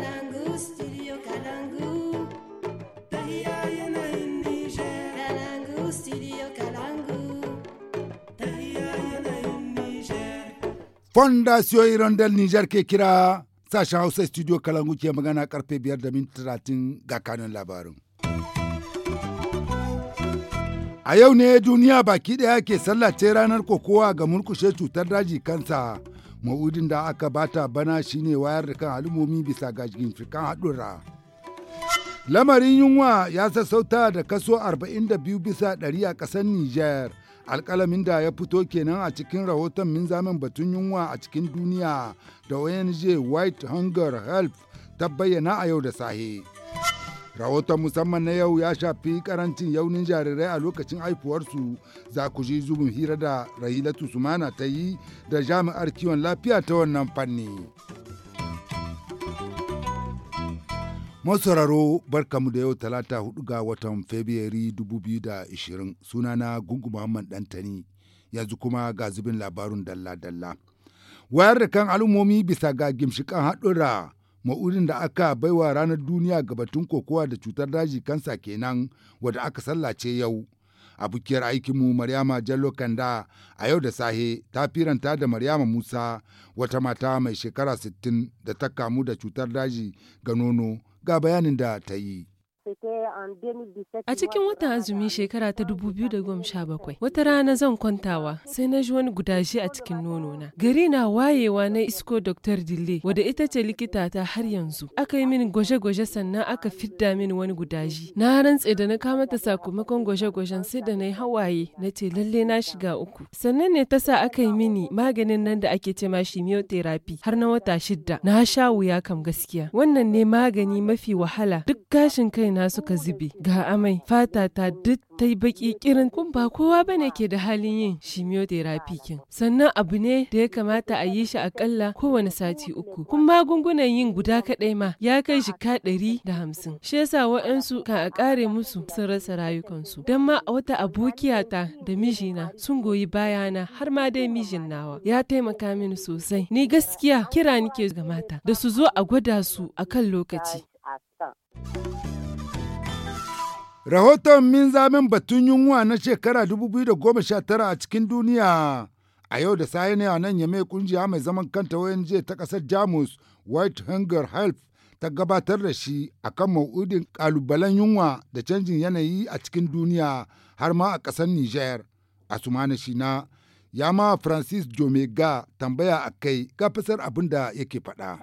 Kalangu, studio Nijar. Fondation Hirondelle Nijar ke kira sashen Hausa studio Kalangu ke magana karfe biyar da minti talatin ga kanun labarin. A yau ne duniya baki daya ke sallace ranar kokowa ga murkushe cutar daji kansa. ma'udin da aka bata bana shine wayar da kan al'ummomi bisa ga ginshikan haɗura. Lamarin yunwa ya sassauta da kaso 42 bisa 100 a ƙasar Niger, alƙalamin da ya fito kenan a cikin rahoton min minzamin batun yunwa a cikin duniya da ONG White Hunger Health ta bayyana a yau da sahe. Rahoton musamman na yau ya shafi karancin yaunin jarirai a lokacin haifuwarsu za ku ji zubin hira da Rahilatu Sumana ta yi da jami'ar kiwon lafiya ta wannan fanni. Masauraro barkamu da yau talata hudu ga watan Fabrairu 2020 sunana Gungu Muhammad Dantani yanzu kuma ga zubin labarun dalla-dalla. Wayar da kan al'ummomi bisa ga gimshikan haɗura ma'udin da aka baiwa ranar duniya ga batun kokowa da cutar daji kansa kenan wadda aka sallace yau. a abokiyar aikinmu Maryama Jallo Kanda a yau da sahe ta firanta da Maryama Musa wata mata mai shekara 60 da ta kamu da cutar daji ga nono ga bayanin da ta yi. A cikin watan azumi shekara ta dubu biyu da bakwai. wata rana zan kwantawa sai na ji wani gudashi a cikin nono na Gari na wayewa na isko Dr. Dille, wadda ita ce likita ta har yanzu. Aka yi mini gwaje-gwaje sannan aka fidda mini wani gudashi. Na rantse da na kama ta sakamakon gwaje-gwajen sai da na yi hawaye na ce lalle na shiga uku. Sannan ne ta sa aka yi mini maganin nan da ake ce ma chemotherapy har na wata shidda. Na sha wuya kam gaskiya. Wannan ne magani mafi wahala duk gashin kai na suka zube ga amai fata ta duk ta yi baki kirin kun ba kowa bane ke da halin yin chemotherapy rafikin? sannan abu ne da ya kamata a yi shi akalla kowane sati uku kun magungunan yin guda kaɗai ma ya kai shi ka ɗari da hamsin shi yasa waɗansu ka a ƙare musu sun rasa rayukansu don ma wata abokiyata da mijina sun goyi bayana har ma dai mijin nawa ya taimaka mini sosai ni gaskiya kira nike ga mata da su zo a gwada su a kan lokaci. Rahoton minzamin batun yunwa na shekara 2019 a cikin duniya. A yau da sa nan ya mai kungiya mai zaman kanta jiya ta ƙasar Jamus White Hunger Health ta gabatar da shi a kan ma'udin ƙalubalen yunwa da canjin yanayi a cikin duniya har ma a ƙasar niger A sumana shi na ya ma Francis Jomega tambaya a kai ga abin da yake faɗa.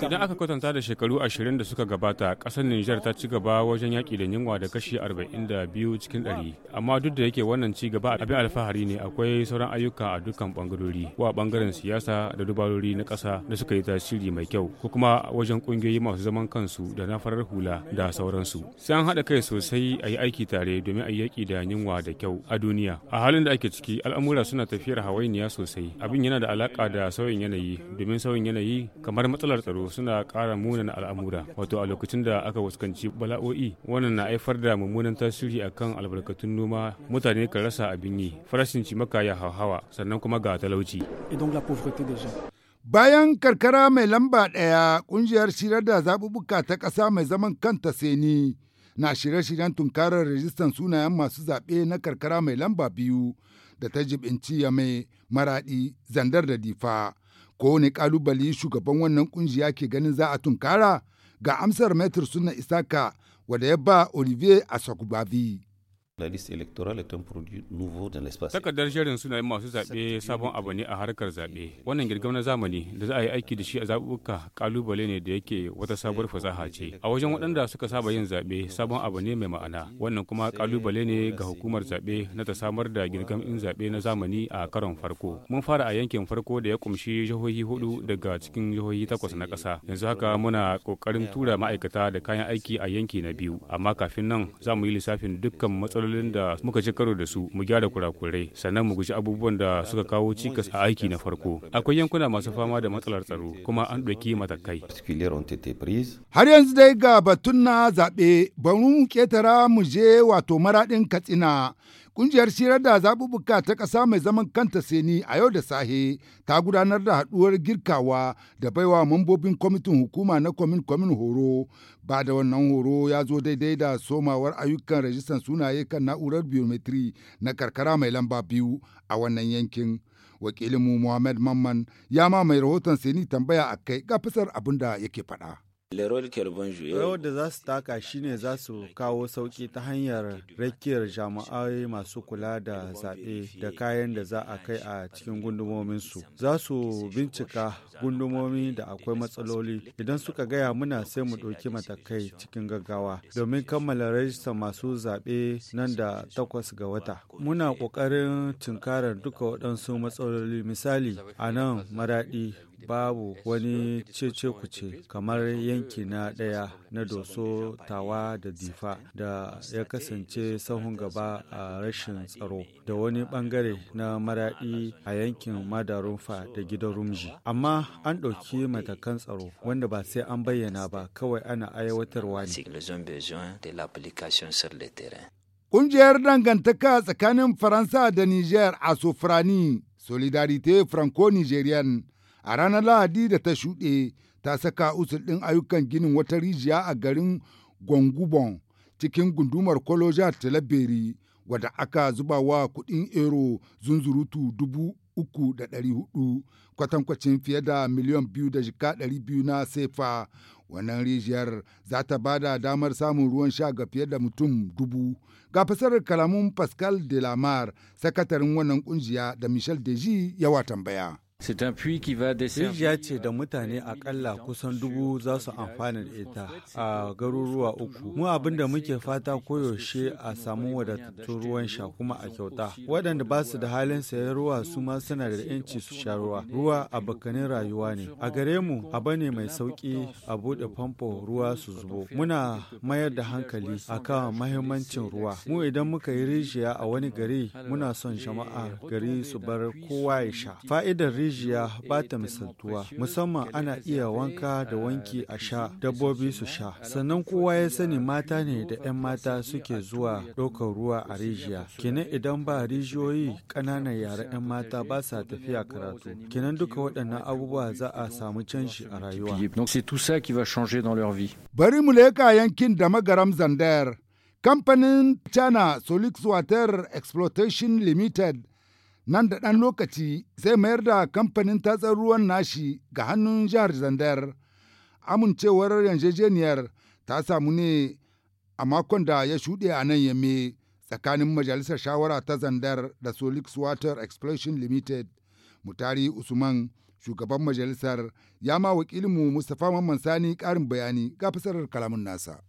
Idan aka kwatanta da shekaru ashirin da suka gabata, ƙasar Nijar ta ci gaba wajen yaƙi da yunwa da kashi arba'in da biyu cikin ɗari. Amma duk da yake wannan ci gaba abin alfahari ne akwai sauran ayyuka a dukkan ɓangarori, ko a ɓangaren siyasa da dubarori na ƙasa da suka yi tasiri mai kyau, ko kuma wajen ƙungiyoyi masu zaman kansu da na farar hula da sauransu. Sai an haɗa kai sosai a yi aiki tare domin a yi yaƙi da yunwa da kyau a duniya. A halin da ake ciki, al'amura suna tafiyar hawainiya sosai. Abin yana da alaƙa da sauyin yanayi domin sauyin yanayi kamar matsalar tsaro suna kara munan al'amura wato a lokacin da aka fuskanci bala'o'i wannan na haifar da mummunan tasiri akan albarkatun noma mutane kan rasa abin yi farashin cimaka ya hauhawa sannan kuma ga talauci. Bayan karkara mai lamba ɗaya ƙungiyar shirar da zaɓuɓɓuka ta ƙasa mai zaman kanta seni na shirye-shiryen tunkarar rajistan sunayen masu zaɓe na karkara mai lamba biyu da ta jibinci ya mai maraɗi zandar da difa. Ko ne ƙalubale shugaban wannan ƙungiya ke ganin za a tunkara? Ga amsar metr Suna Isaka wadda ya ba Olivier Asokbavi. La liste électorale est un produit nouveau dans l'espace. jerin sunayen masu zaɓe sabon abu ne a harkar zaɓe. Wannan girgam na zamani da za a yi aiki da shi a zaɓuɓɓuka ƙalubale ne da yake wata sabuwar fasaha ce. A wajen waɗanda suka saba yin zaɓe sabon abu ne mai ma'ana. Wannan kuma ƙalubale ne ga hukumar zaɓe na ta samar da girgam in zaɓe na zamani a karon farko. Mun fara a yankin farko da ya kumshi jihohi hudu daga cikin jihohi takwas na ƙasa. Yanzu haka muna ƙoƙarin tura ma'aikata da kayan aiki a yanki na biyu. Amma kafin nan za mu yi lissafin dukkan matsalolin matsalolin da muka ci karo da su mu gyara kurakurai sannan mu guji abubuwan da suka kawo cikas a aiki na farko akwai yankuna masu fama da matsalar tsaro kuma an ɗauki matakai har yanzu dai ga batun na zaɓe bari mu ketara mu je wato maraɗin katsina Kungiyar shirar da zaɓuɓɓuka ta ƙasa mai zaman kanta Seni a yau da sahe ta gudanar da haɗuwar girkawa da baiwa mambobin kwamitin hukuma na kwamin kwamin horo ba da wannan horo ya zo daidai da somawar ayyukan rajistan sunaye kan na'urar biometri na karkara mai lamba biyu a wannan yankin. Wakilinmu Muhammad Mamman ya ma mai rahoton Seni tambaya a kai ga abin da yake faɗa. Leroy Rawar da za su taka shine za su kawo sauki ta hanyar rakiyar jama'ai masu kula da zaɓe da kayan da za a kai a cikin gundumominsu. Za su bincika gundumomi da akwai matsaloli idan suka gaya muna sai mu ɗauki matakai cikin gaggawa domin kammala rajista masu zaɓe nan da takwas ga wata. Muna ƙoƙarin cinkarar duka waɗansu matsaloli misali a nan maraɗi babu wani cece kuce kamar yanki na ɗaya na doso tawa da difa da ya kasance sahun gaba a rashin tsaro da wani ɓangare na maraɗi a yankin madarunfa da gidan rumji amma an ɗauki matakan tsaro wanda ba sai an bayyana ba kawai ana aiwatarwa ne Ƙungiyar dangantaka tsakanin Faransa da Niger a Sofrani, solidarite franco nigerian A ranar Lahadi da ta shuɗe ta saka usul ɗin ayyukan ginin wata rijiya a garin Gwangubon cikin gundumar Koloja Talaberi wadda aka zuba wa kuɗin ero zunzurutu dubu uku da ɗari hudu kwatankwacin fiye da miliyan biyu da jika ɗari biyu na sefa wannan rijiyar za ta ba da damar samun ruwan sha ga fiye da mutum dubu ga fasarar kalamun pascal de delamar sakatarin wannan kungiya da michel deji yawa tambaya Rijiya ce da mutane akalla kusan dubu za su amfana da ita a garuruwa uku. Mu abin da muke fata koyaushe a samu wadatattun ruwan sha kuma a kyauta. Waɗanda ba su da halin sayan ruwa su ma suna da ‘yanci su sha ruwa. Ruwa a bakanin rayuwa ne. A gare mu abu ne mai sauƙi a buɗe famfo ruwa su zubo. Muna mayar da hankali a kan mahimmancin ruwa. Mu idan muka yi rijiya a wani gari muna son jama'a gari su bar kowa ya sha. Fa'idar rijiya eh, ba ta misaltuwa musamman ana iya wanka da ah, wanki a sha dabbobi su sha sannan kowa ya sani mata ne da 'yan mata suke zuwa ɗaukar ruwa a rijiya kenan idan ba rijiyoyi ƙananan yara 'yan mata ba sa tafiya karatu kenan duka waɗannan abubuwa za a samu canji a rayuwa bari mu leka yankin da magaram zandar kamfanin china solix water exploitation limited Nan da ɗan lokaci zai mayar da kamfanin tatsar ruwan nashi ga hannun jihar Zandar. Amincewar yanjejeniyar ta samu ne a makon da ya shuɗe a nan yamme tsakanin majalisar shawara ta Zandar da Solix Water Exploration Limited. Mutari Usman shugaban majalisar ya ma wakilinmu Mustapha Mamman Sani ƙarin bayani ga fasarar kalamin nasa.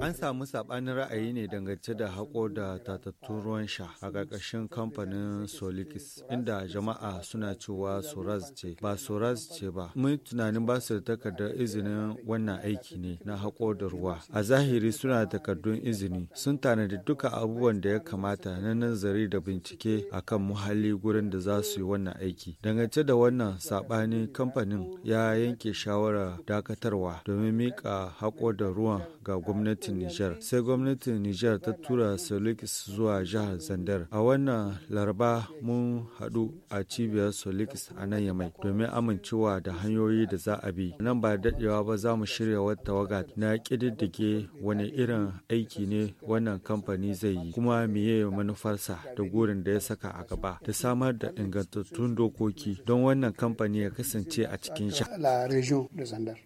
An samu saɓanin ra'ayi ne dangance da haƙo da tatattun ruwan sha a ƙarƙashin kamfanin Solikis, inda jama'a suna cewa Soraz ce, ba Soraz ce ba. Mun tunanin ba su da takardar izinin wannan aiki ne na haƙo da ruwa. A zahiri suna da takardun izini, sun tanadi duka abubuwan da ya kamata na nazari da bincike akan muhalli gurin da za su yi wannan aiki. Dangance da wannan saɓanin kamfanin ya yanke shawarar dakatarwa domin mika haƙo da ruwan ga a gwamnatin Nijar. Sai gwamnatin Nijar ta tura Solix zuwa jihar Zandar. A wannan laraba mun haɗu a cibiyar Solix a nan Yamai domin amincewa da hanyoyi da za a bi. Nan ba daɗewa ba za mu shirya wata tawaga na ƙididdige wani irin aiki ne wannan kamfani zai yi kuma meye manufarsa da gurin da ya saka a gaba da samar da ingantattun dokoki don wannan kamfani ya kasance a cikin sha.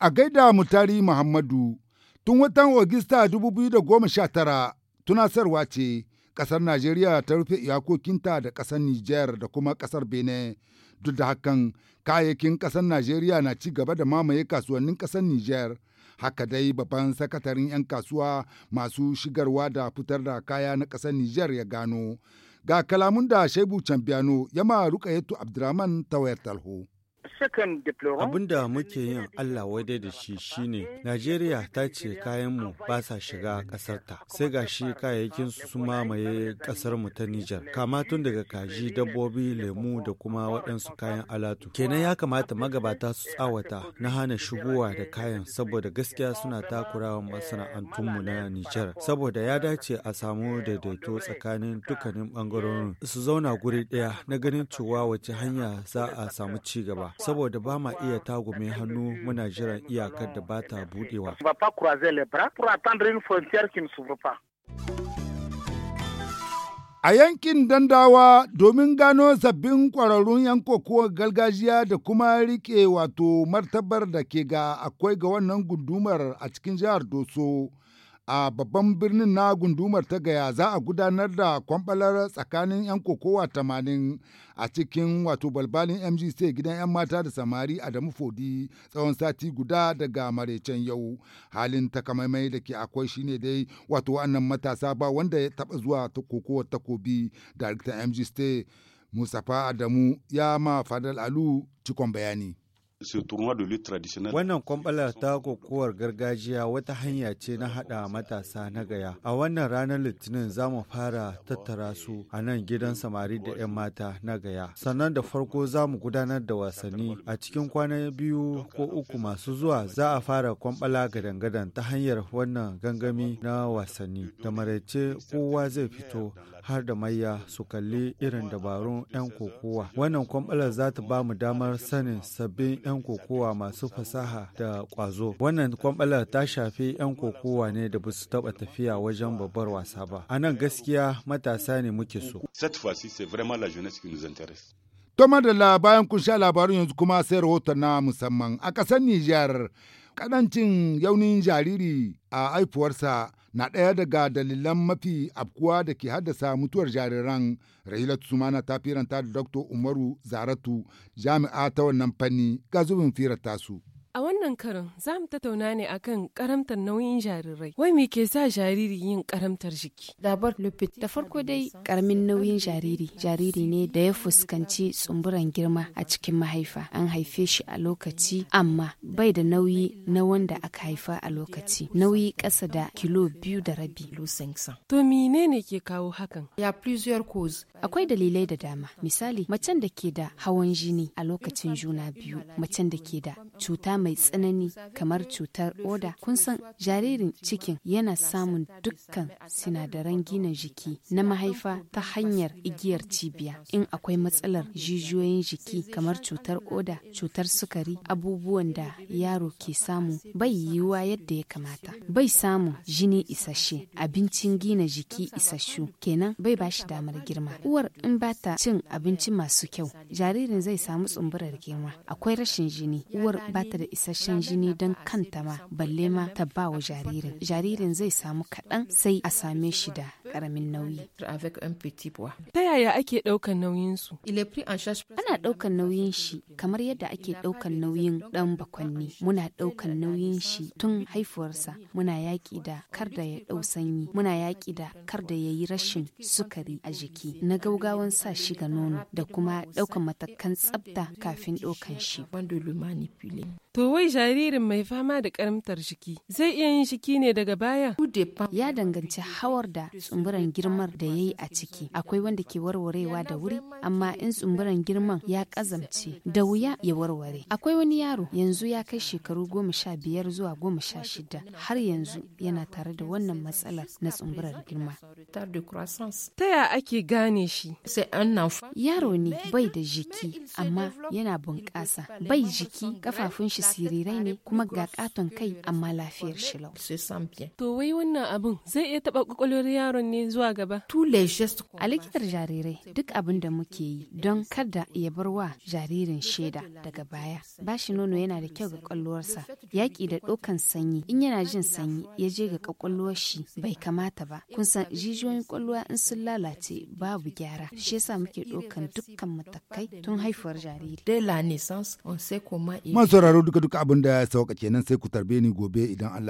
A gaida Mutari Muhammadu Tun watan Ogista 2019 tunasarwa ce ƙasar Najeriya ta rufe iyakokinta da ƙasar Nijar da kuma ƙasar Benin. Duk da hakan kayayyakin ƙasar Najeriya na ci gaba da mamaye kasuwannin ƙasar Nijar. haka dai babban sakatarin 'yan kasuwa masu shigarwa da fitar da kaya na ƙasar Nijar ya gano. Ga kalamun da Shaibu Cambiano ma Rukayetu Abdurrahman ta wayar talho. Abin da muke yin Allah wadai da shi shine Najeriya ta ce kayanmu ba sa shiga ƙasarta sai ga shi kayayyakin su mamaye mu ta Nijar kama tun daga kaji dabbobi lemu da kuma waɗansu kayan alatu kenan ya kamata magabata su tsawata na hana shigowa da kayan saboda gaskiya suna takurawa masana'antunmu na Nijar saboda ya dace a samu daidaito tsakanin dukkanin ɓangarorin su zauna guri ɗaya na ganin cewa wace hanya za a samu ci gaba saboda ba ma iya tagume hannu muna jiran iyakar da ba ta budewa. A yankin dandawa domin gano sabbin ƙwararrun yan kokowar gargajiya da kuma rike wato martabar da ke ga akwai ga wannan gundumar a cikin jihar Doso a babban birnin na gundumar ta gaya za a gudanar da kwambalar tsakanin 'yan kokowa tamanin a cikin wato balbalin mgc gidan 'yan mata da samari adamu fodi tsawon sati guda daga maraicen yau halin takamaimai da ke akwai shine dai wato wannan matasa ba wanda ya taba zuwa ta kokowar takobi daraktan mgc musafa adamu ya ma fadal alu cikon bayani Wannan kwamɓalar ta kokowar gargajiya wata hanya ce na haɗa matasa na gaya. A wannan ranar Litinin za mu fara tattara su a nan gidan samari da 'yan mata na gaya. Sannan da farko za mu gudanar da wasanni a cikin kwana biyu ko uku masu zuwa za a fara kwamɓala gadan-gadan ta hanyar wannan gangami na wasanni. Da maraice kowa zai fito har da mayya su kalli irin dabarun 'yan kokowa. Wannan kwamɓalar za ta ba mu damar sanin sabbin 'yan kokowa masu fasaha da ƙwazo. Wannan kwambalar ta shafi 'yan kokowa ne da ba su taɓa tafiya wajen babbar wasa ba. A nan gaskiya matasa ne muke so. To madalla bayan kun sha labarun yanzu kuma sai rahoton na musamman a ƙasar Nijar. Kadancin yaunin jariri a haifuwarsa na ɗaya daga dalilan mafi afkuwa da ke haddasa mutuwar jariran rahilat sumana ta firanta da dr umaru zaratu jami'a ta wannan fanni ga zubin firar tasu A wannan karin za mu tattauna ne akan karamtar nauyin jarirai. Wai me ke sa jariri yin karamtar jiki? Dabar Lupit. Da farko dai karamin nauyin jariri, jariri ne da ya fuskanci tsumburan girma a cikin mahaifa. An haife shi a lokaci amma bai da nauyi na wanda aka haifa a lokaci. Nauyi ƙasa da kilo biyu da rabi. To menene ke kawo hakan? Ya plusieurs causes. Akwai dalilai da dama. Misali, macen da ke da hawan jini a lokacin juna biyu, macen da ke da cuta mai tsanani kamar cutar oda kun san jaririn cikin yana samun dukkan sinadaran gina jiki na mahaifa ta hanyar igiyar cibiya in akwai matsalar jijiyoyin jiki kamar cutar oda cutar sukari abubuwan da yaro ke samu bai yiwuwa yadda ya kamata bai samun jini isasshe abincin gina jiki isasshu kenan bai ba shi damar girma uwar in ba ta cin abinci masu kyau jaririn zai samu tsumburar girma akwai rashin jini uwar ba ta da isasshen jini don kanta ma balle ma ta ba wa jaririn jaririn zai samu kaɗan sai a same shi da ƙaramin nauyi ta yaya ake ɗaukan nauyinsu ana ɗaukan nauyin shi kamar yadda ake ɗaukan nauyin ɗan bakwanni muna ɗaukan nauyin shi tun haifuwarsa muna yaƙi da kar da ya ɗau sanyi muna yaƙi da kar da ya rashin sukari a jiki na gaugawan sa shi ga nono da kuma ɗaukan matakan tsafta kafin ɗaukan shi to wai jaririn mai fama da karamtar jiki zai iya yin shiki ne daga baya? Ya danganci hawar da tsumburan girmar da ya yi a ciki. Akwai wanda ke warwarewa da wuri, amma in tsumburan girman ya kazamce da wuya ya warware. Akwai wani yaro yanzu ya kai shekaru goma sha biyar zuwa goma sha shida har yanzu yana tare da wannan matsalar na tsumburar girma. Ta ya ake gane shi? Yaro ne bai da jiki amma yana bunƙasa. Bai jiki kafafun shi sirirai ne kuma ga katon kai amma lafiyar shi. san biyan to wai wannan abun zai iya taba kwakwalwar yaron ne zuwa gaba tu a likitar jarirai duk abin da muke yi don kada ya bar wa jaririn shaida daga baya bashi nono yana da kyau ga kwakwalwarsa yaƙi da ɗaukan sanyi in yana jin sanyi ya je ga kwakwalwar shi bai kamata ba kun san jijiyoyin in sun lalace babu gyara shi yasa muke ɗaukan dukkan matakai tun haifuwar jariri dai la naissance on sait ya man duka duka abin da sauka kenan sai ku tarbe ni gobe idan Allah